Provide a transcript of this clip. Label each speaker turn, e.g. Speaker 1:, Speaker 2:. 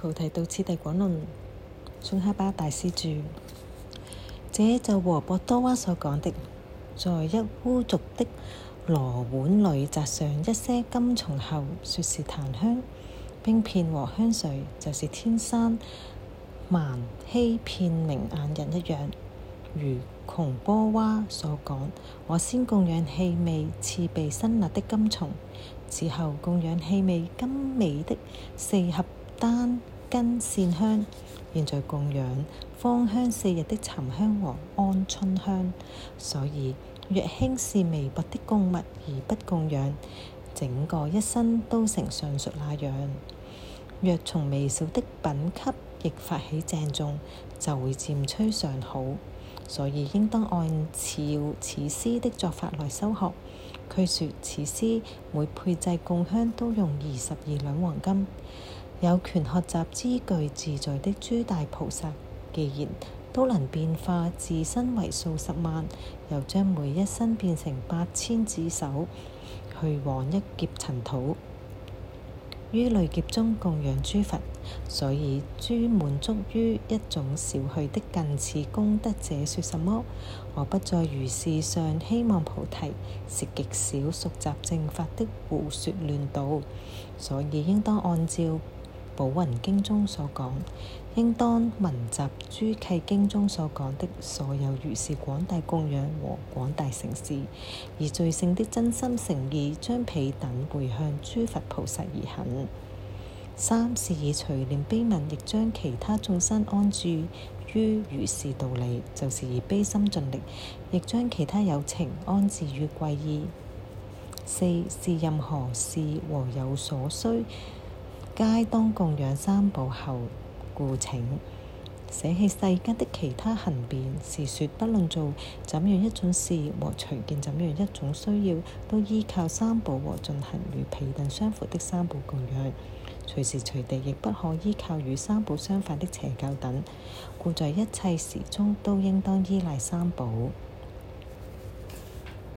Speaker 1: 菩提道次第廣論宗喀巴大師著。這就和博多娃所講的，在一污俗的羅碗裏擲上一些金蟲後，説是檀香冰片和香水，就是天生盲欺騙明眼人一樣。如窮波娃所講，我先供養氣味刺鼻辛辣的金蟲，之後供養氣味甘美的四合。單根線香現在供養芳香四日的沉香和安春香，所以若輕視微薄的供物而不供養，整個一生都成上述那樣。若從微小的品級亦發起鄭重，就會漸趨上好，所以應當按照此師的做法來修學。據說：此師每配製供香都用二十二兩黃金。有權學習資具自在的諸大菩薩，既然都能變化自身為數十萬，又將每一身變成八千指手去往一劫塵土於累劫中供養諸佛，所以諸滿足於一種少許的近似功德者，說什麼我不再如世上希望菩提是極少熟習正法的胡說亂道，所以應當按照。《寶雲經》中所講，應當聞習《諸契經》中所講的所有如是廣大供養和廣大承事，而最勝的真心誠意將彼等回向諸佛菩薩而行。三是以隨念悲憫，亦將其他眾生安住於如是道理，就是以悲心盡力，亦將其他有情安置於貴意。四是任何事和有所需。皆當供養三寶後，故請捨棄世間的其他行變。是說，不論做怎樣一種事或隨見怎樣一種需要，都依靠三寶和進行與被等相符的三寶供養，隨時隨地亦不可依靠與三寶相反的邪教等，故在一切時中都應當依賴三寶。